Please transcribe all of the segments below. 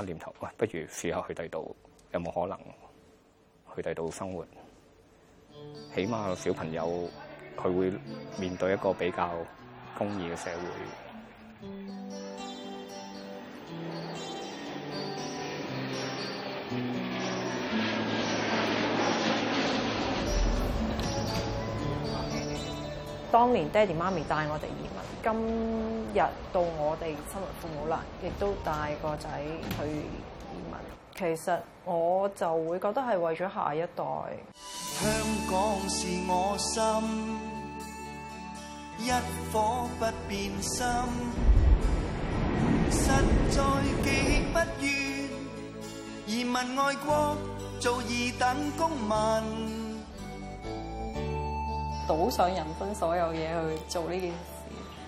一念頭，喂，不如試下去第度，有冇可能去第度生活？起碼小朋友佢會面對一個比較公義嘅社會。當年爹哋媽咪帶我哋移民，今日到我哋身為父母啦，亦都帶個仔去移民。其實我就會覺得係為咗下一代。香港是我心，一顆不變心，實在極不願移民外國做二等公民。賭上人生所有嘢去做呢件事，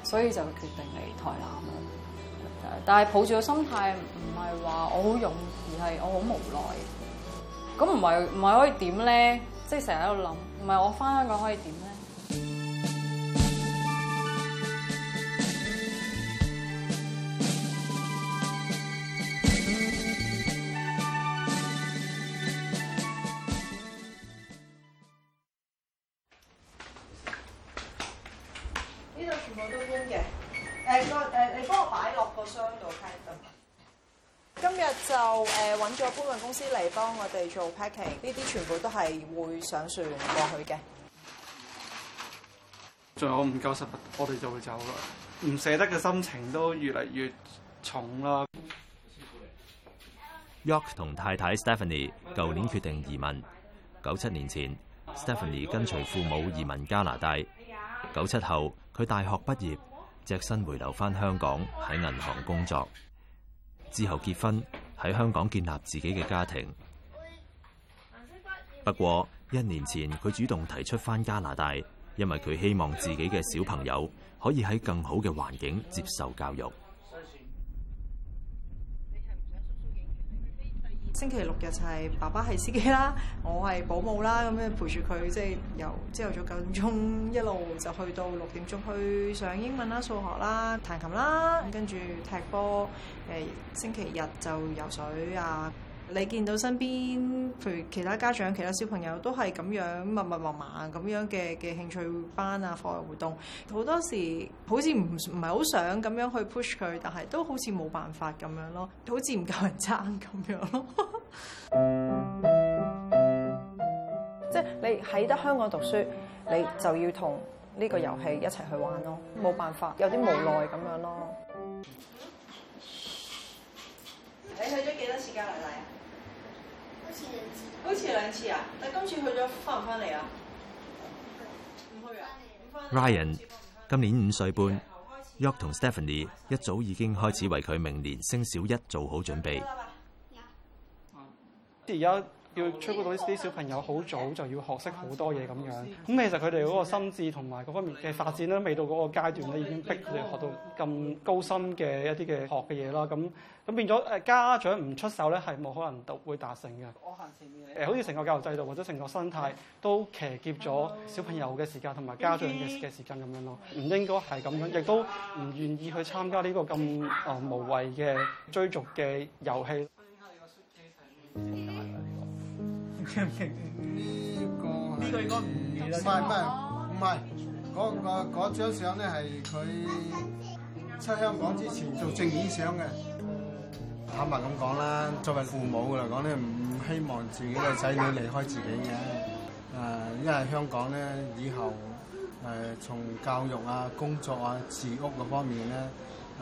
所以就決定嚟台南咯。但係抱住個心態唔係話我好勇，而係我好無奈。咁唔係唔係可以點咧？即係成日喺度諗，唔係我返香港可以點咧？當我哋做 packing，呢啲全部都係會上船過去嘅。仲有唔夠十日，我哋就會走啦。唔捨得嘅心情都越嚟越重啦。York 同太太 Stephanie 舊年決定移民。九七年前 ，Stephanie 跟隨父母移民加拿大。九七後，佢大學畢業，隻身回流翻香港，喺銀行工作。之後結婚，喺香港建立自己嘅家庭。不過一年前佢主動提出翻加拿大，因為佢希望自己嘅小朋友可以喺更好嘅環境接受教育。星期六日就係爸爸係司機啦，我係保姆啦，咁樣陪住佢，即係由朝早九點鐘一路就去到六點鐘去上英文啦、數學啦、彈琴啦，跟住踢波。誒，星期日就游水啊！你見到身邊，譬如其他家長、其他小朋友都係咁樣密密麻麻咁樣嘅嘅興趣班啊、課外活動，好多時好似唔唔係好想咁樣去 push 佢，但係都好似冇辦法咁樣咯，好似唔夠人爭咁樣咯。 即係你喺得香港讀書，你就要同呢個遊戲一齊去玩咯，冇、嗯、辦法，有啲無奈咁樣咯。嗯、你去咗幾多次加拿大啊？娘娘。好似兩次啊！但今次去咗，翻唔翻嚟啊？Ryan 今年五歲半，York 同 Stephanie 一早已經開始為佢明年升小一做好準備。 要出到啲小朋友好早就要學識好多嘢咁樣，咁其實佢哋嗰個心智同埋各方面嘅發展咧，未到嗰個階段咧，已經逼佢哋學到咁高深嘅一啲嘅學嘅嘢啦。咁咁變咗誒家長唔出手咧，係冇可能會達會達成嘅。我行前誒，好似成個教育制度或者成個生態都騎劫咗小朋友嘅時間同埋家長嘅嘅時間咁樣咯，唔應該係咁樣，亦都唔願意去參加呢個咁誒無謂嘅追逐嘅遊戲呢 個呢句講唔唔係唔係，唔係嗰張相咧，係佢出香港之前做證件相嘅。坦白咁講啦，作為父母嘅嚟講咧，唔希望自己嘅仔女離開自己嘅。誒，因為香港咧，以後誒從教育啊、工作啊、住屋嗰方面咧，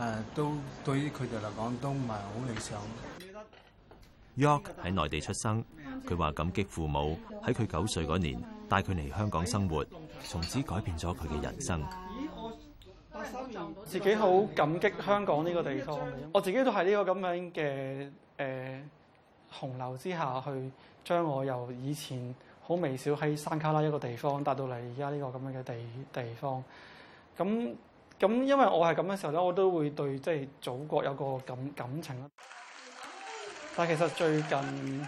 誒都對於佢哋嚟講都唔係好理想。York 喺內地出生，佢話感激父母喺佢九歲嗰年帶佢嚟香港生活，從此改變咗佢嘅人生。自己好感激香港呢個地方，我自己都喺呢個咁樣嘅誒洪流之下，去將我由以前好微小喺山卡拉一個地方，帶到嚟而家呢個咁樣嘅地地方。咁咁因為我係咁嘅時候咧，我都會對即係祖國有個感感情啦。但係其實最近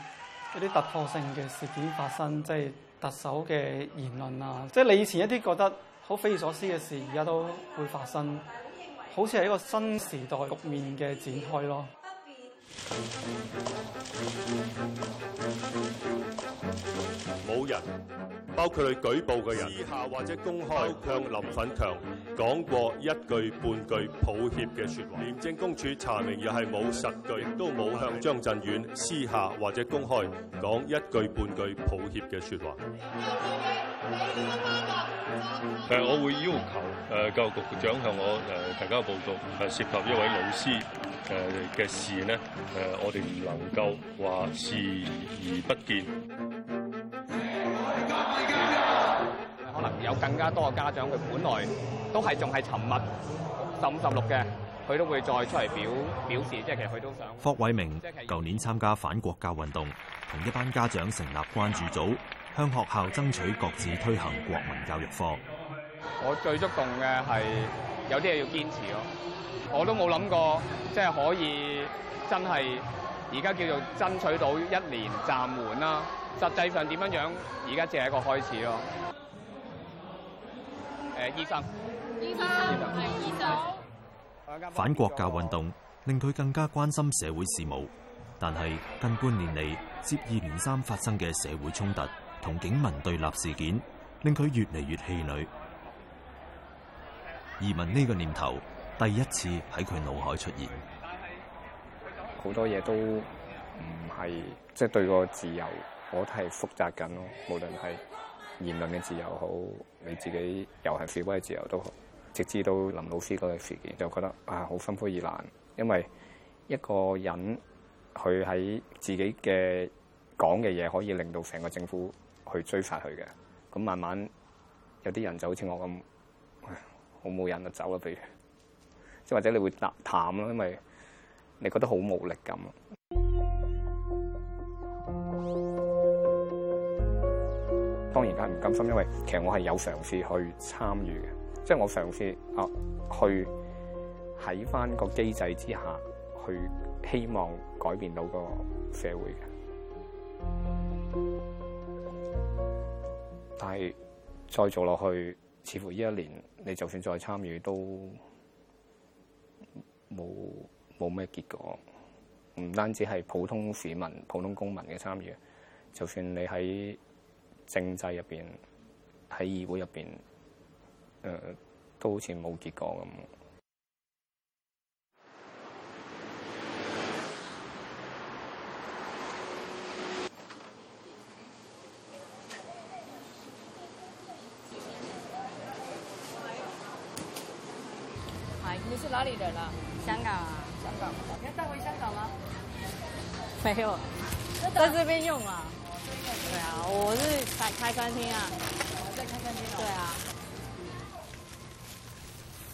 一啲突破性嘅事件發生，即係特首嘅言論啊，即係你以前一啲覺得好匪夷所思嘅事，而家都會發生，好似係一個新時代局面嘅展開咯。冇人。包括你舉報嘅人，私下或者公開向林奮強講過一句半句抱歉嘅説話。廉政公署查明又係冇實據，都冇向張震遠私下或者公開講一句半句抱歉嘅説話。誒、啊，我會要求誒、呃、教育局長向我誒、呃、提交報告，誒、啊、涉及一位老師誒嘅、呃、事呢，誒、呃、我哋唔能夠話視而不見。有更加多嘅家長，佢本來都係仲係沉默，十五十六嘅，佢都會再出嚟表表示，即係其實，佢都想。霍偉明舊、就是、年參加反國教運動同一班家長成立關注組，向學校爭取各自推行國民教育課。我最觸動嘅係有啲嘢要堅持咯，我都冇諗過，即係可以真係而家叫做爭取到一年暫緩啦。實際上點樣樣而家只係一個開始咯。醫生，醫生係醫生。反國教運動令佢更加關心社會事務，但係近半年嚟，接二連三發生嘅社會衝突同警民對立事件，令佢越嚟越氣餒。移民呢個念頭第一次喺佢腦海出現。好多嘢都唔係，即係對個自由，我都係複雜緊咯，無論係，言論嘅自由好，你自己遊行示威自由都好，直至到林老師嗰個事件，就覺得啊好心灰意冷，因為一個人佢喺自己嘅講嘅嘢可以令到成個政府去追殺佢嘅，咁慢慢有啲人就好似我咁，好冇癮就走啦、啊。譬如，即係或者你會淡淡啦，因為你覺得好無力咁。當然係唔甘心，因為其實我係有嘗試去參與嘅，即係我嘗試啊，去喺翻個機制之下，去希望改變到個社會嘅。但係再做落去，似乎呢一年你就算再參與都冇冇咩結果。唔單止係普通市民、普通公民嘅參與，就算你喺政制入面，喺議會入面，誒、呃、都好似冇結果咁。你是哪裏人？啊、香港啊，香港。你要帶回香港嗎？沒有，啊，在這邊用啊。我都開開餐廳啊！對啊，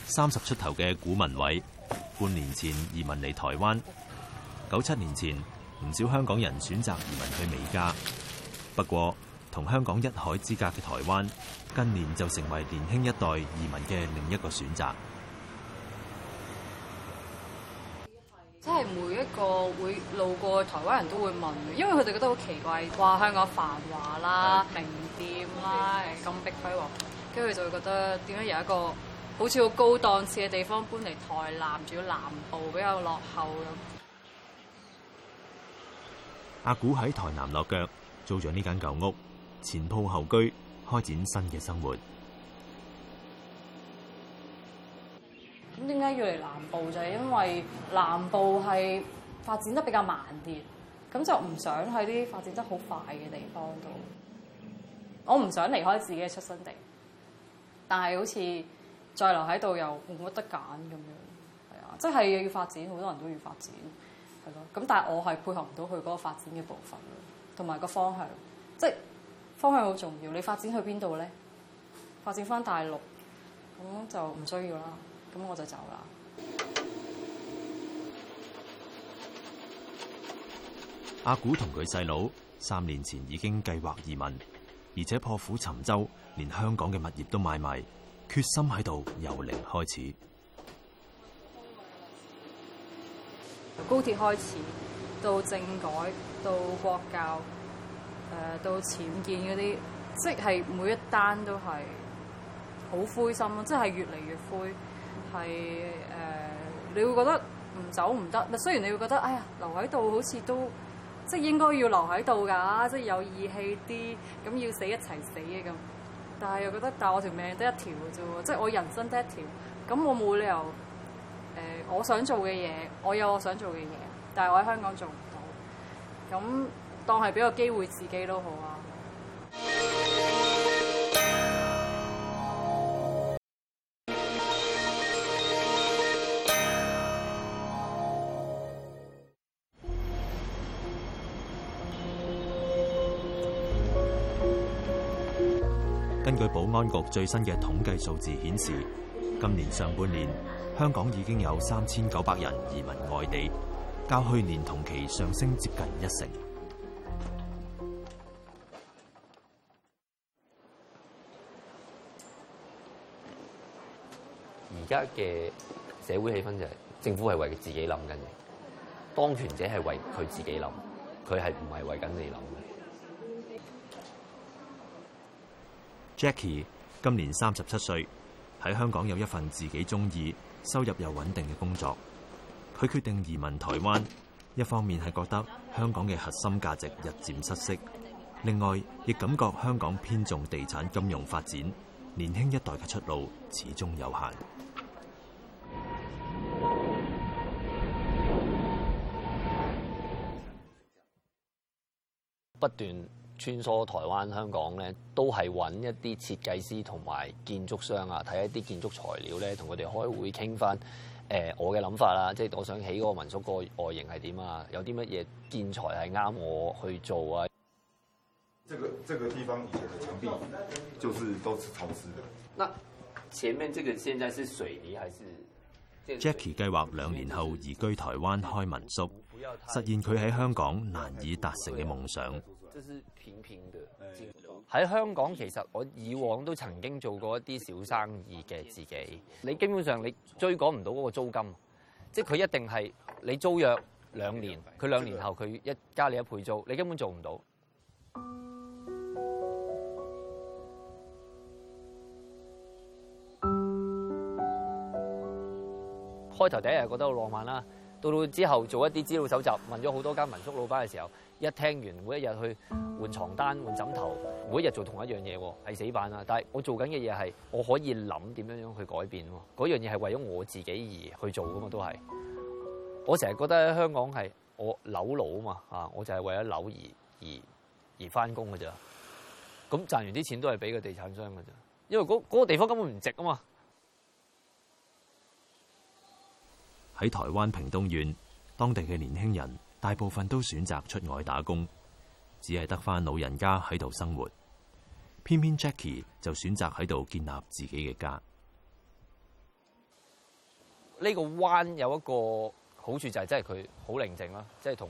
三十出頭嘅古文偉，半年前移民嚟台灣。九七年前，唔少香港人選擇移民去美加，不過同香港一海之隔嘅台灣，近年就成為年輕一代移民嘅另一個選擇。即係每一個會路過台灣人都會問嘅，因為佢哋覺得好奇怪，話香港繁華啦、對名店啦，咁逼輝煌。跟住就會覺得點解有一個好似好高檔次嘅地方搬嚟台南，仲要南部比較落後咁。阿古喺台南落腳，租住呢間舊屋，前鋪後居，開展新嘅生活。咁點解要嚟南部就係因為南部係發展得比較慢啲，咁就唔想喺啲發展得好快嘅地方度。我唔想離開自己嘅出生地，但係好似再留喺度又冇乜得揀咁樣，係啊，即係要發展，好多人都要發展，係咯。咁但係我係配合唔到佢嗰個發展嘅部分同埋個方向，即係方向好重要。你發展去邊度咧？發展返大陸，咁就唔需要啦。咁我就走啦。阿古同佢細佬三年前已經計劃移民，而且破釜沉舟，連香港嘅物業都買埋，決心喺度由零開始。由高鐵開始，到政改，到國教，誒，到僭建嗰啲，即係每一單都係好灰心咯，即係越嚟越灰。係誒、呃、你會覺得唔走唔得。雖然你會覺得，哎呀，留喺度好似都即係應該要留喺度㗎，即係有義氣啲，咁要死一齊死嘅咁。但係又覺得，但係我條命得一條嘅啫，即係我人生得一條咁，我冇理由誒、呃、我想做嘅嘢，我有我想做嘅嘢，但係我喺香港做唔到，咁當係俾個機會自己都好啊。根據保安局最新嘅統計數字顯示，今年上半年香港已經有三千九百人移民外地，較去年同期上升接近一成。而家嘅社會氣氛就係政府係為自己諗緊嘅，當權者係為佢自己諗，佢係唔係為緊你諗。Jackie 今年三十七歲，喺香港有一份自己鍾意、收入又穩定嘅工作。佢決定移民台灣，一方面係覺得香港嘅核心價值日漸失色，另外亦感覺香港偏重地產、金融發展，年輕一代嘅出路始終有限，不斷，穿梭台灣、香港咧，都係揾一啲設計師同埋建築商啊，睇一啲建築材料咧，同佢哋開會傾翻。誒、呃，我嘅諗法啦，即係我想起嗰個民宿個外形係點啊，有啲乜嘢建材係啱我去做啊、這個。這個地方以前嘅牆壁就是都是陶瓷的。那前面這個現在是水泥還是？Jackie 計劃兩年後移居台灣開民宿，實現佢喺香港難以達成嘅夢想。即係片片嘅，喺香港，其實我以往都曾經做過一啲小生意嘅自己。你基本上你追趕唔到嗰個租金，即係佢一定係你租約兩年，佢兩年後佢一加你一倍租，你根本做唔到。開頭第一日覺得好浪漫啦～到到之後做一啲資料搜集，問咗好多間民宿老闆嘅時候，一聽完每一日去換床單、換枕頭，每一日做同一樣嘢，係死板啦。但係我做緊嘅嘢係我可以諗點樣樣去改變喎。嗰樣嘢係為咗我自己而去做噶嘛，都係。我成日覺得喺香港係我扭佬啊嘛，啊，我就係為咗扭而而而返工嘅咋。咁賺完啲錢都係俾個地產商嘅啫，因為嗰個地方根本唔值啊嘛。喺台灣屏東縣，當地嘅年輕人大部分都選擇出外打工，只係得返老人家喺度生活。偏偏 Jackie 就選擇喺度建立自己嘅家。呢個灣有一個好處就係，真係佢好寧靜啦，即係同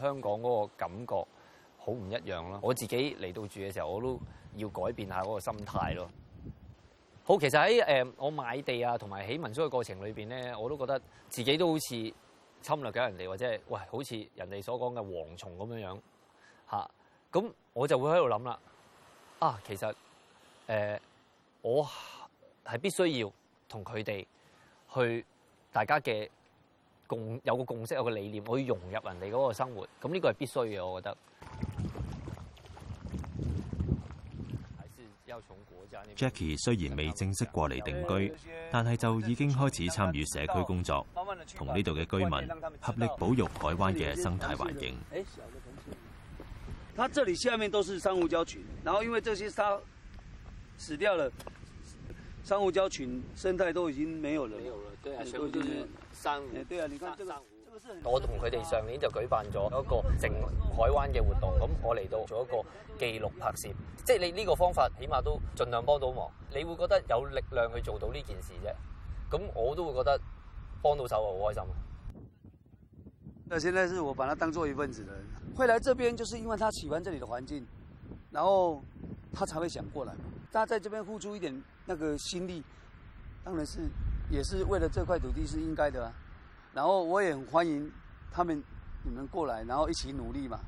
香港嗰個感覺好唔一樣啦。我自己嚟到住嘅時候，我都要改變下嗰個心態咯。好，其實喺誒、呃、我買地啊，同埋起民宿嘅過程裏邊咧，我都覺得自己都好似侵略緊人哋，或者係喂，好似人哋所講嘅蝗蟲咁樣樣嚇。咁、啊、我就會喺度諗啦，啊，其實誒、呃、我係必須要同佢哋去大家嘅共有個共識，有個理念，我要融入人哋嗰個生活。咁、嗯、呢、這個係必須嘅，我覺得。Jackie 雖然未正式過嚟定居，但係就已經開始參與社區工作，同呢度嘅居民合力保育海灣嘅生態環境。它這裡下面都是珊瑚礁群，然後因為這些沙死掉了，珊瑚礁群生態都已經沒有了。沒有了，對啊，是珊瑚。珊瑚，對啊，你看這個。我同佢哋上年就舉辦咗一個靜海灣嘅活動，咁我嚟到做一個記錄拍攝，即係你呢個方法，起碼都盡量幫到忙。你會覺得有力量去做到呢件事啫，咁我都會覺得幫到手啊，好開心。那現在，是我把他當做一份子的人，會嚟這邊就是因為他喜歡這裡的環境，然後他才會想過來。大家在這邊付出一點那個心力，當然是也是為了這塊土地，是應該的啊。然後我也很歡迎他們、你們過來，然後一起努力嘛。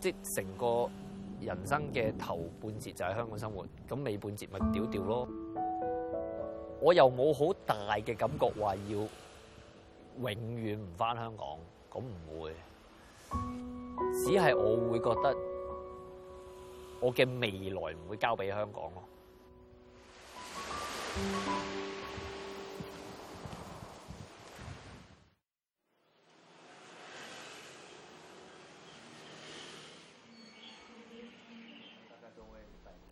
即成個人生嘅頭半截就喺香港生活，咁尾半截咪屌屌咯。我又冇好大嘅感覺話要永遠唔返香港，咁唔會。只係我會覺得我嘅未來唔會交俾香港咯。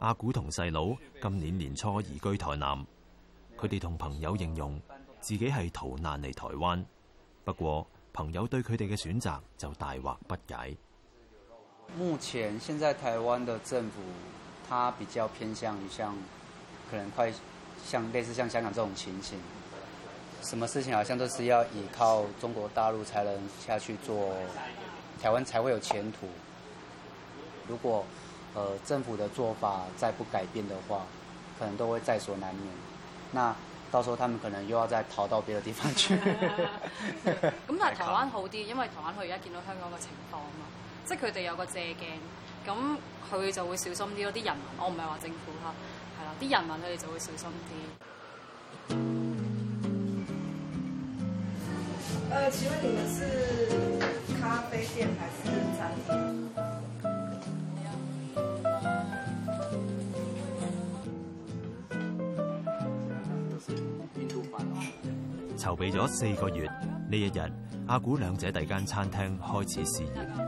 阿古同細佬今年年初移居台南，佢哋同朋友形容自己係逃難嚟台灣，不過朋友對佢哋嘅選擇就大惑不解。目前現在台灣的政府，它比較偏向於像，可能快像，像類似像香港這種情形，什麼事情好像都是要依靠中國大陸才能下去做，台灣才會有前途。如果，呃，政府的做法再不改變的話，可能都會在所難免。那到時候他們可能又要再逃到別的地方去。咁 但台灣好啲，因為台灣佢而家見到香港嘅情況嘛。即係佢哋有個借鏡，咁佢就會小心啲咯。啲人民，我唔係話政府嚇，係啦，啲人民佢哋就會小心啲。呃，請問你們是咖啡店還是餐廳？籌備咗四個月，呢一日阿古兩者第間餐廳開始試業。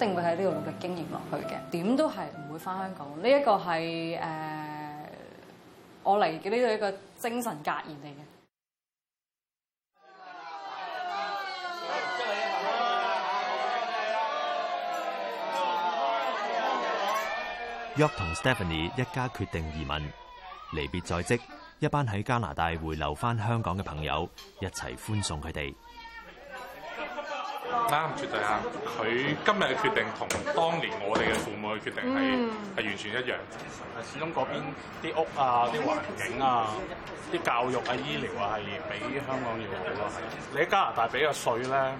定會喺呢度努力經營落去嘅，點都係唔會翻香港。呢一個係誒我嚟嘅呢度一個精神格言嚟嘅。York 同 Stephanie 一家決定移民，離別在即，一班喺加拿大回流翻香港嘅朋友一齊歡送佢哋。啱、啊，絕對啊！佢今日嘅決定同當年我哋嘅父母嘅決定係係、嗯、完全一樣。始終嗰邊啲屋啊、啲環境啊、啲教育啊、醫療啊係比香港要好咯。你喺加拿大俾個稅咧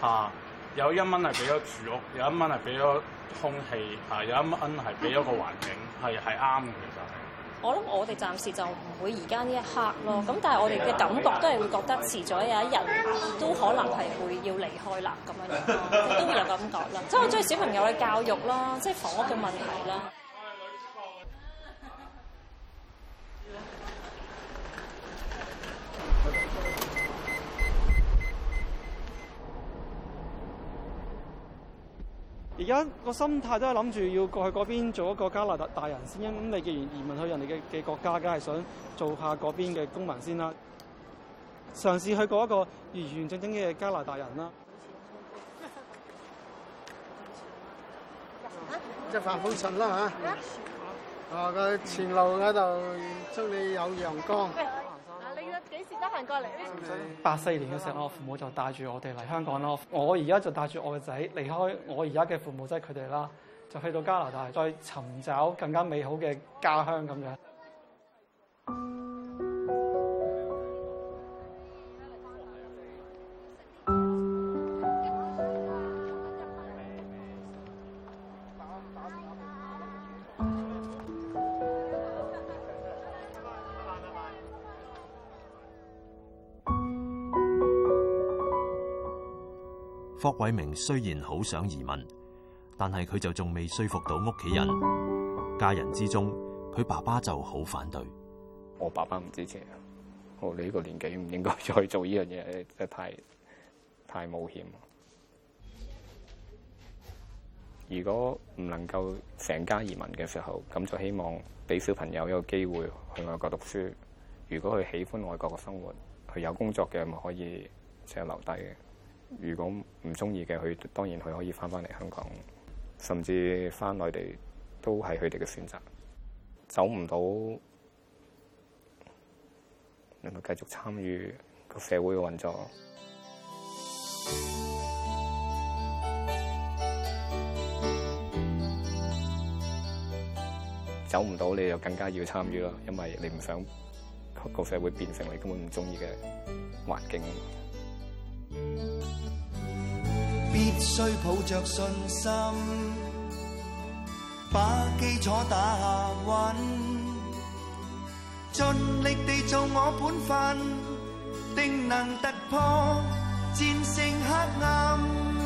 嚇，有一蚊係俾咗住屋，有一蚊係俾咗空氣嚇，有一蚊係俾咗個環境，係係啱嘅。我諗我哋暫時就唔會而家呢一刻咯，咁、嗯、但係我哋嘅感覺都係會覺得遲咗有一日都可能係會要離開啦咁樣，都會有咁講啦。即係 我中意小朋友嘅教育啦，即係房屋嘅問題啦。而家個心態都係諗住要過去嗰邊做一個加拿大大人先。咁你既然移民去人哋嘅嘅國家，梗係想做下嗰邊嘅公民先啦，嘗試去過一個完完整整嘅加拿大人啦。一帆風順啦嚇！啊個前路度，祝你有陽光。得閒過嚟咧，八四年嘅時候，我父母就帶住我哋嚟香港咯。我而家就帶住我嘅仔離開，我而家嘅父母即係佢哋啦，就去到加拿大，再尋找更加美好嘅家鄉咁樣。霍偉明雖然好想移民，但係佢就仲未說服到屋企人。家人之中，佢爸爸就好反對。我爸爸唔支持，我、哦、你呢個年紀唔應該再做呢樣嘢，真係太太冒險。如果唔能夠成家移民嘅時候，咁就希望俾小朋友一個機會去外國讀書。如果佢喜歡外國嘅生活，佢有工作嘅，咪可以成日留低嘅。如果唔中意嘅，佢當然佢可以翻翻嚟香港，甚至翻內地都係佢哋嘅選擇。走唔到，能夠繼續參與個社會嘅運作， 走唔到你就更加要參與咯，因為你唔想個社會變成你根本唔中意嘅環境。必須抱着信心，把基礎打穩，盡力地做我本份，定能突破，戰勝黑暗。